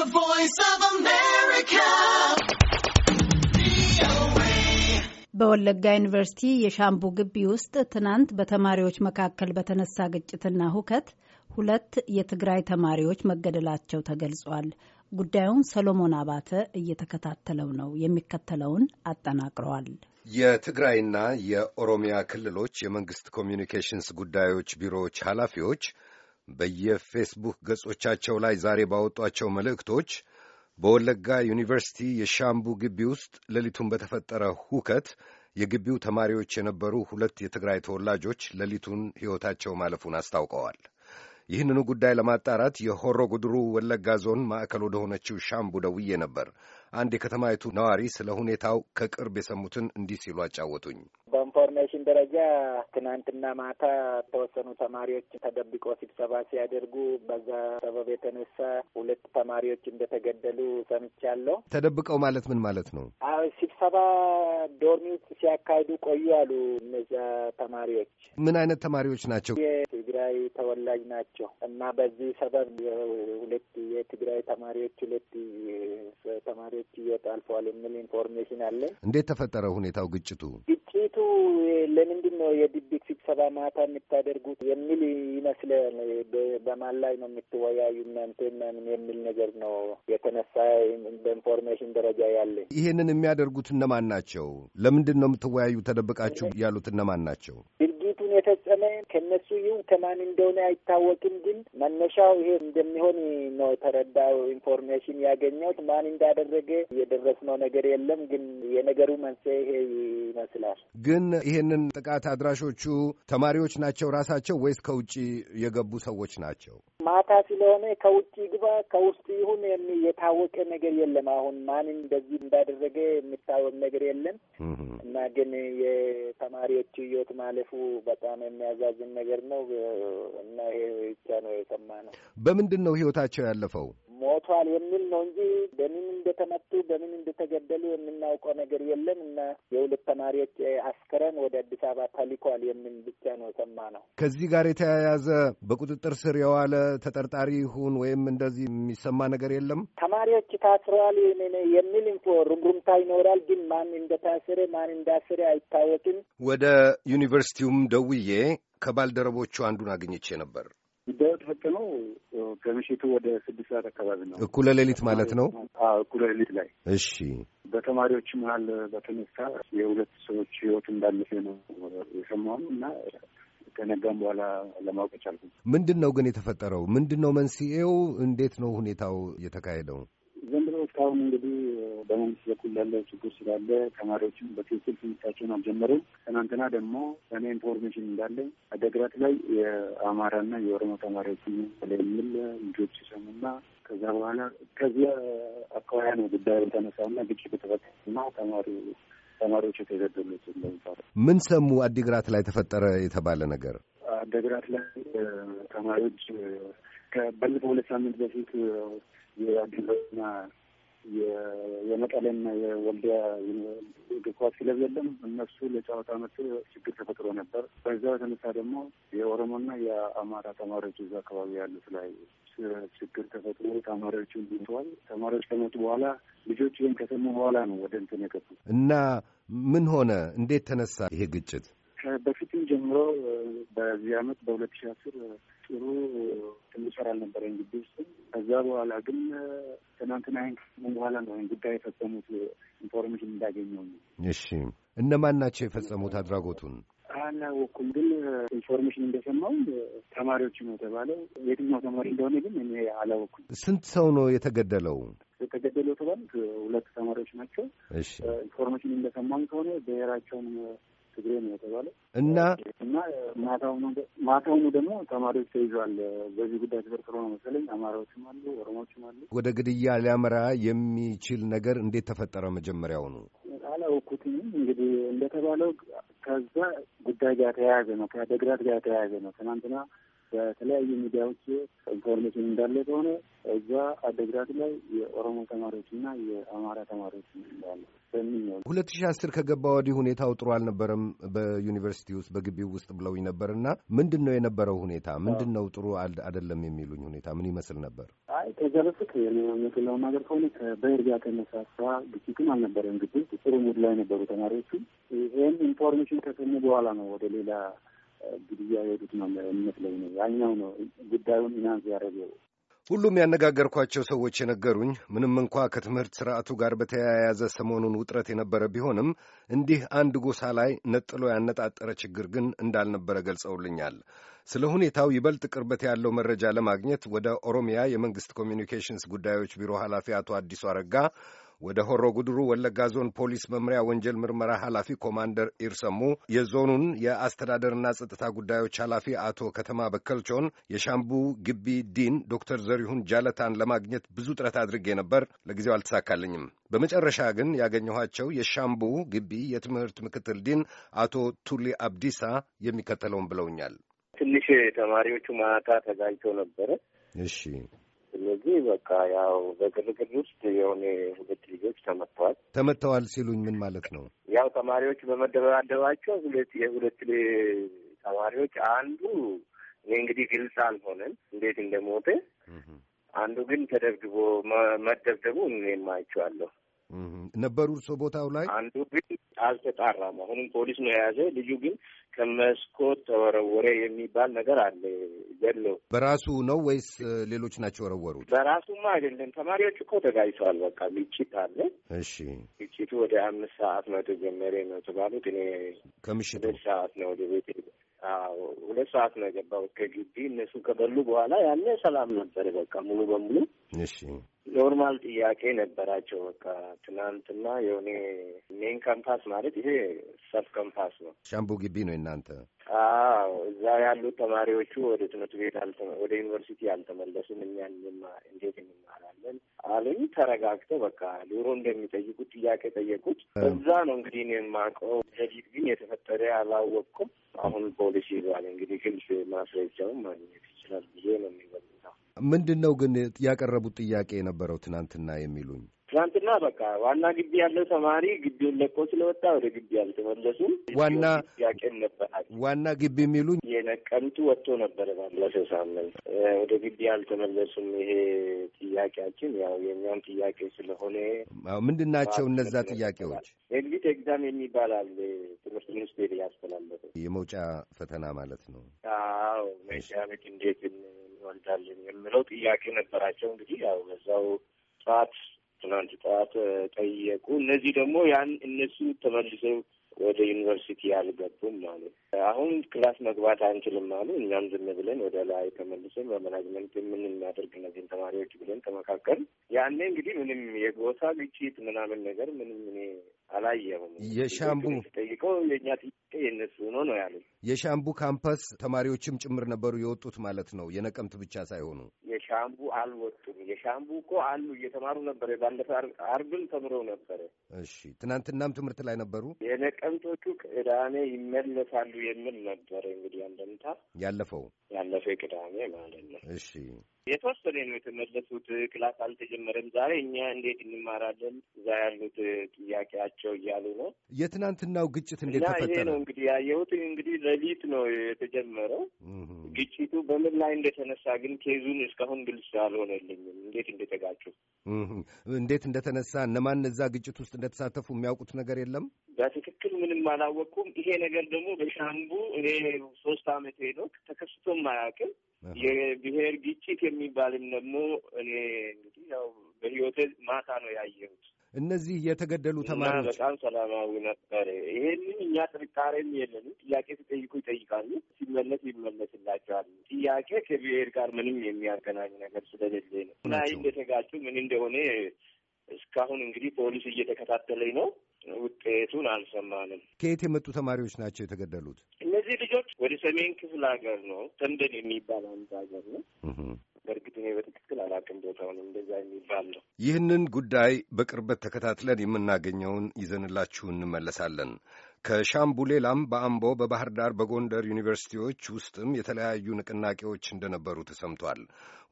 The Voice of America. በወለጋ ዩኒቨርሲቲ የሻምቡ ግቢ ውስጥ ትናንት በተማሪዎች መካከል በተነሳ ግጭትና ሁከት ሁለት የትግራይ ተማሪዎች መገደላቸው ተገልጿል። ጉዳዩን ሰሎሞን አባተ እየተከታተለው ነው። የሚከተለውን አጠናቅረዋል። የትግራይና የኦሮሚያ ክልሎች የመንግስት ኮሚኒኬሽንስ ጉዳዮች ቢሮዎች ኃላፊዎች በየፌስቡክ ገጾቻቸው ላይ ዛሬ ባወጧቸው መልእክቶች በወለጋ ዩኒቨርሲቲ የሻምቡ ግቢ ውስጥ ሌሊቱን በተፈጠረ ሁከት የግቢው ተማሪዎች የነበሩ ሁለት የትግራይ ተወላጆች ሌሊቱን ሕይወታቸው ማለፉን አስታውቀዋል። ይህንኑ ጉዳይ ለማጣራት የሆሮ ጉድሩ ወለጋ ዞን ማዕከል ወደ ሆነችው ሻምቡ ደውዬ ነበር። አንድ የከተማይቱ ነዋሪ ስለ ሁኔታው ከቅርብ የሰሙትን እንዲህ ሲሉ አጫወቱኝ። በኮሚሽን ደረጃ ትናንትና ማታ ተወሰኑ ተማሪዎች ተደብቆ ስብሰባ ሲያደርጉ በዛ ሰበብ የተነሳ ሁለት ተማሪዎች እንደተገደሉ ሰምቻለሁ። ተደብቀው ማለት ምን ማለት ነው? አዎ ስብሰባ ዶርሚ ውስጥ ሲያካሂዱ ቆዩ አሉ። እነዚያ ተማሪዎች ምን አይነት ተማሪዎች ናቸው? የትግራይ ተወላጅ ናቸው እና በዚህ ሰበብ ሁለት የትግራይ ተማሪዎች ሁለት ተማሪዎች ህይወት አልፈዋል የሚል ኢንፎርሜሽን አለን። እንዴት ተፈጠረ ሁኔታው ግጭቱ? ግጭቱ ለምንድን ነው የድብቅ ስብሰባ ማታ የምታደርጉት የሚል ይመስላል። በማን ላይ ነው የምትወያዩ እናንተ ምናምን የሚል ነገር ነው የተነሳ በኢንፎርሜሽን ደረጃ ያለ። ይሄንን የሚያደርጉት እነማን ናቸው? ለምንድን ነው የምትወያዩ ተደብቃችሁ ያሉት እነማን ናቸው? የፈጸመ ከነሱ ይሁን ከማን እንደሆነ አይታወቅም። ግን መነሻው ይሄ እንደሚሆን ነው ተረዳው ኢንፎርሜሽን ያገኘሁት። ማን እንዳደረገ የደረስነው ነገር የለም። ግን የነገሩ መንስኤ ይሄ ይመስላል። ግን ይሄንን ጥቃት አድራሾቹ ተማሪዎች ናቸው ራሳቸው ወይስ ከውጭ የገቡ ሰዎች ናቸው? ማታ ስለሆነ ከውጭ ግባ ከውስጥ ይሁን የታወቀ ነገር የለም። አሁን ማን እንደዚህ እንዳደረገ የሚታወቅ ነገር የለም እና ግን የተማሪዎች ህይወት ማለፉ በጣም የሚያዛዝን ነገር ነው እና ይሄ ብቻ ነው የሰማነው። በምንድን ነው ህይወታቸው ያለፈው? ተመተዋል የሚል ነው እንጂ በምን እንደተመቱ በምን እንደተገደሉ የምናውቀው ነገር የለም እና የሁለት ተማሪዎች አስከረን ወደ አዲስ አበባ ተልኳል የሚል ብቻ ነው ሰማ ነው። ከዚህ ጋር የተያያዘ በቁጥጥር ስር የዋለ ተጠርጣሪ ይሁን ወይም እንደዚህ የሚሰማ ነገር የለም። ተማሪዎች ታስረዋል የሚል ኢንፎ ሩምሩምታ ይኖራል፣ ግን ማን እንደታሰረ ማን እንዳስረ አይታወቅም። ወደ ዩኒቨርሲቲውም ደውዬ ከባልደረቦቹ አንዱን አግኝቼ ነበር። ሂደት ፈቅ ነው። ከምሽቱ ወደ ስድስት ሰዓት አካባቢ ነው። እኩለ ሌሊት ማለት ነው። እኩለ ሌሊት ላይ እሺ። በተማሪዎች መሀል በተነሳ የሁለት ሰዎች ህይወት እንዳለፈ ነው የሰማሁም እና ከነጋም በኋላ ለማወቅ ቻልኩ። ምንድን ነው ግን የተፈጠረው? ምንድን ነው መንስኤው? እንዴት ነው ሁኔታው የተካሄደው? እስካሁን እንግዲህ በመንግስት በኩል ያለው ችግር ስላለ ተማሪዎችም በትክክል ትምህርታቸውን አልጀመሩም። ትናንትና ደግሞ እኔ ኢንፎርሜሽን እንዳለ አደግራት ላይ የአማራና የኦሮሞ ተማሪዎች ስለሚል ልጆች ሲሰሙና ከዛ በኋላ ከዚያ አካባቢ ነው ጉዳዩ የተነሳውና ግጭት የተፈጠረና ተማሪ ተማሪዎች የተገደሉት። ምን ሰሙ? አዲግራት ላይ ተፈጠረ የተባለ ነገር አዲግራት ላይ ተማሪዎች ከባለፈው ሁለት ሳምንት በፊት የአዲግራትና የመቀሌና የወልዲያ እግር ኳስ ክለብ የለም። እነሱ ለጨዋታ መጥ ችግር ተፈጥሮ ነበር። በዛ በተነሳ ደግሞ የኦሮሞና የአማራ ተማሪዎች እዛ አካባቢ ያሉት ላይ ችግር ተፈጥሮ ተማሪዎቹ ሞተዋል። ተማሪዎች ከመጡ በኋላ ልጆች ይህን ከሰሙ በኋላ ነው ወደ እንትን የገቡ እና ምን ሆነ? እንዴት ተነሳ ይሄ ግጭት? ጀምሮ በዚህ አመት በሁለት ሺ አስር ጥሩ ትንሽ ሰራ አልነበረኝ ግቢ ውስጥ። ከዛ በኋላ ግን ትናንትና ይህን በኋላ ነው ይህን ጉዳይ የፈጸሙት ኢንፎርሜሽን እንዳገኘው። እሺ እነማን ናቸው የፈጸሙት አድራጎቱን? አላወቅኩም ግን ኢንፎርሜሽን እንደሰማው ተማሪዎች ነው የተባለው። የትኛው ተማሪ እንደሆነ ግን እኔ አላወቅኩም። ስንት ሰው ነው የተገደለው? የተገደለው የተባሉት ሁለት ተማሪዎች ናቸው። ኢንፎርሜሽን እንደሰማኝ ከሆነ ብሔራቸውን ትግሬ ነው የተባለ እና እና ማታውኑ ደግሞ ተማሪዎች ተይዟል። በዚህ ጉዳይ ተጠርጥሮ ነው መሰለኝ አማራዎችም አሉ፣ ኦሮሞዎችም አሉ። ወደ ግድያ ሊያመራ የሚችል ነገር እንዴት ተፈጠረ? መጀመሪያውኑ አላውኩትም። እንግዲህ እንደተባለው ከዛ ጉዳይ ጋር ተያያዘ ነው፣ ከደግራት ጋር ተያያዘ ነው። ትናንትና በተለያዩ ሚዲያዎች ኢንፎርሜሽን እንዳለ ከሆነ እዛ አደግራት ላይ የኦሮሞ ተማሪዎች እና የአማራ ተማሪዎች እንዳለ በሚኛ ሁለት ሺ አስር ከገባ ወዲህ ሁኔታው ጥሩ አልነበረም በዩኒቨርሲቲ ውስጥ በግቢው ውስጥ ብለውኝ ነበር እና ምንድን ነው የነበረው ሁኔታ ምንድን ነው ጥሩ አይደለም የሚሉኝ ሁኔታ ምን ይመስል ነበር? አይ ከዛ በፊት የምንለው ነገር ከሆነ ከበርጋ ከነሳሳ ግጭትም አልነበረም። ግቢ ጥሩ ሙድ ላይ ነበሩ ተማሪዎቹ። ይህም ኢንፎርሜሽን ከሰሙ በኋላ ነው ወደ ሌላ ግድያ የሄዱት ነው የሚመስለኝ ነው። ያኛው ነው ጉዳዩን ኢናንስ ያደረገው። ሁሉም ያነጋገርኳቸው ሰዎች የነገሩኝ ምንም እንኳ ከትምህርት ስርዓቱ ጋር በተያያዘ ሰሞኑን ውጥረት የነበረ ቢሆንም እንዲህ አንድ ጎሳ ላይ ነጥሎ ያነጣጠረ ችግር ግን እንዳልነበረ ገልጸውልኛል። ስለ ሁኔታው ይበልጥ ቅርበት ያለው መረጃ ለማግኘት ወደ ኦሮሚያ የመንግስት ኮሚኒኬሽንስ ጉዳዮች ቢሮ ኃላፊ አቶ አዲሱ አረጋ ወደ ሆሮ ጉድሩ ወለጋ ዞን ፖሊስ መምሪያ ወንጀል ምርመራ ኃላፊ ኮማንደር ኢርሰሙ፣ የዞኑን የአስተዳደርና ጸጥታ ጉዳዮች ኃላፊ አቶ ከተማ በከልቾን፣ የሻምቡ ግቢ ዲን ዶክተር ዘሪሁን ጃለታን ለማግኘት ብዙ ጥረት አድርጌ ነበር። ለጊዜው አልተሳካልኝም። በመጨረሻ ግን ያገኘኋቸው የሻምቡ ግቢ የትምህርት ምክትል ዲን አቶ ቱሊ አብዲሳ የሚከተለውን ብለውኛል። ትንሽ ተማሪዎቹ ማታ ተጋጅቶ ነበረ። እሺ ስለዚህ በቃ ያው በግርግር ውስጥ የሆነ ሁለት ልጆች ተመተዋል። ተመተዋል ሲሉኝ ምን ማለት ነው? ያው ተማሪዎች በመደባደባቸው ሁለት የሁለት ተማሪዎች አንዱ እኔ እንግዲህ ግልጽ አልሆነም እንዴት እንደሞተ። አንዱ ግን ተደብድቦ መደብደቡ እኔም አይቼዋለሁ። ነበሩ እርሶ ቦታው ላይ አንዱ ግን አልተጣራ አሁንም ፖሊስ ነው የያዘ። ልጁ ግን ከመስኮት ተወረወረ የሚባል ነገር አለ። ገለው በራሱ ነው ወይስ ሌሎች ናቸው ወረወሩት? በራሱማ አይደለም። ተማሪዎች እኮ ተጋይተዋል። በቃ ግጭት አለ። እሺ፣ ግጭቱ ወደ አምስት ሰዓት ነው የተጀመረ ነው የተባሉት። እኔ ከምሽቱ ሰዓት ነው ወደ ቤት ሄደ። ሁለት ሰዓት ነው የገባሁት ከግቢ። እነሱ ከበሉ በኋላ ያኔ ሰላም ነበር። በቃ ሙሉ በሙሉ እሺ፣ ኖርማል ጥያቄ ነበራቸው። በቃ ትናንትና የሆነ ሜን ካምፓስ ማለት ይሄ ሰብ ካምፓስ ነው፣ ሻምቡ ግቢ ነው እናንተ። አዎ፣ እዛ ያሉት ተማሪዎቹ ወደ ትምህርት ቤት ወደ ዩኒቨርሲቲ አልተመለሱም። እኛን እንዴት እንማራለን አሉኝ። ተረጋግተው በቃ ዶሮ እንደሚጠይቁት ጥያቄ ጠየቁት። እዛ ነው እንግዲህ እኔ የማውቀው። ግን የተፈጠረ አላወቅኩም። አሁን ፖሊሲ ይዟል። እንግዲህ ግልጽ ማስረጃውን ማግኘት ይችላል ብዬ ነው የሚመጣው። ምንድን ነው ግን ያቀረቡት ጥያቄ የነበረው ትናንትና የሚሉኝ ትናንትና በቃ ዋና ግቢ ያለው ተማሪ ግቢውን ለቆ ስለወጣ ወደ ግቢ አልተመለሱም። ዋና ጥያቄን ነበራል። ዋና ግቢ የሚሉኝ የነቀምቱ ወጥቶ ነበረ ባለፈው ሳምንት ወደ ግቢ አልተመለሱም። ይሄ ጥያቄያችን ያው የእኛም ጥያቄ ስለሆነ ምንድን ናቸው እነዛ ጥያቄዎች? ኤግዚት ኤግዛም የሚባል አለ ትምህርት ሚኒስቴር ያስተላለፈ የመውጫ ፈተና ማለት ነው። አዎ መቼ ዓመት እንዴት እንወልዳለን የምለው ጥያቄ ነበራቸው። እንግዲህ ያው በዛው ጠዋት ትናንት ጠዋት ጠየቁ። እነዚህ ደግሞ ያን እነሱ ተመልሰው ወደ ዩኒቨርሲቲ አልገቡም ማለት ነው። አሁን ክላስ መግባት አንችልም አሉ። እኛም ዝም ብለን ወደ ላይ ተመልሰን በመናጅመንት ምን እናደርግ እነዚህን ተማሪዎች ብለን ተመካከል። ያኔ እንግዲህ ምንም የጎሳ ግጭት ምናምን ነገር ምንም እኔ አላየሁም። የሻምቡ ጠይቀው የእኛ ጥያቄ የእነሱ ሆኖ ነው ያሉ። የሻምቡ ካምፓስ ተማሪዎችም ጭምር ነበሩ የወጡት ማለት ነው፣ የነቀምት ብቻ ሳይሆኑ። የሻምቡ አልወጡም። የሻምቡ እኮ አሉ እየተማሩ ነበረ። ባለፈ አርብም ተምረው ነበረ። እሺ፣ ትናንትናም ትምህርት ላይ ነበሩ። የነቀምቶቹ ቅዳሜ ይመለሳሉ የሚል ነበር እንግዲህ አንደምታ ያለፈው ያለፈው ቅዳሜ ማለት ነው። እሺ የተወሰነ ነው የተመለሱት። ክላስ አልተጀመረም ዛሬ። እኛ እንዴት እንማራለን እዛ ያሉት ጥያቄያቸው እያሉ ነው። የትናንትናው ግጭት እንዴት ተፈጠረ? ይሄ ነው እንግዲህ ያየሁት። እንግዲህ ሌሊት ነው የተጀመረው። ግጭቱ በምን ላይ እንደተነሳ ግን ኬዙን እስካሁን ግልጽ አልሆነልኝም። እንዴት እንደተጋጩ እንዴት እንደተነሳ እነማን እዛ ግጭት ውስጥ እንደተሳተፉ የሚያውቁት ነገር የለም። በትክክል ምንም አላወቅኩም። ይሄ ነገር ደግሞ በሻምቡ እኔ ሶስት አመት ሄዶክ ተከስቶም አያውቅም። የብሔር ግጭት የሚባልም ደግሞ እኔ እንግዲህ ያው በህይወቴ ማታ ነው ያየሁት። እነዚህ የተገደሉ ተማሪዎች በጣም ሰላማዊ ነበር። ይህን እኛ ጥርጣሬም የለንም። ጥያቄ ሲጠይቁ ይጠይቃሉ፣ ሲመለስ ይመለስላቸዋል። ጥያቄ ከብሔር ጋር ምንም የሚያገናኝ ነገር ስለሌለ ነው እና እንደተጋጩ ምን እንደሆነ እስካሁን እንግዲህ ፖሊስ እየተከታተለኝ ነው። ውጤቱን አልሰማንም። ከየት የመጡ ተማሪዎች ናቸው የተገደሉት? እነዚህ ልጆች ወደ ሰሜን ክፍለ ሀገር ነው ተንደን የሚባል አንድ ሀገር ነው በእርግጥ እኔ በትክክል አላውቅም ቦታውን እንደዛ የሚባል ነው። ይህንን ጉዳይ በቅርበት ተከታትለን የምናገኘውን ይዘንላችሁ እንመለሳለን። ከሻምቡሌላም በአምቦ በባህር ዳር በጎንደር ዩኒቨርሲቲዎች ውስጥም የተለያዩ ንቅናቄዎች እንደነበሩ ተሰምቷል።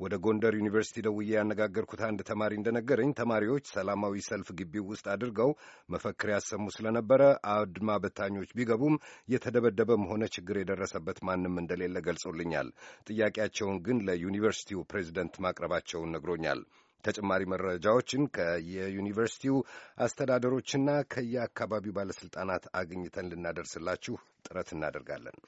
ወደ ጎንደር ዩኒቨርሲቲ ደውዬ ያነጋገርኩት አንድ ተማሪ እንደነገረኝ ተማሪዎች ሰላማዊ ሰልፍ ግቢ ውስጥ አድርገው መፈክር ያሰሙ ስለነበረ አድማ በታኞች ቢገቡም የተደበደበም ሆነ ችግር የደረሰበት ማንም እንደሌለ ገልጾልኛል። ጥያቄያቸውን ግን ለዩኒቨርሲቲው ፕሬዚደንት ማቅረባቸውን ነግሮኛል። ተጨማሪ መረጃዎችን ከየዩኒቨርሲቲው አስተዳደሮችና ከየአካባቢው ባለሥልጣናት አግኝተን ልናደርስላችሁ ጥረት እናደርጋለን።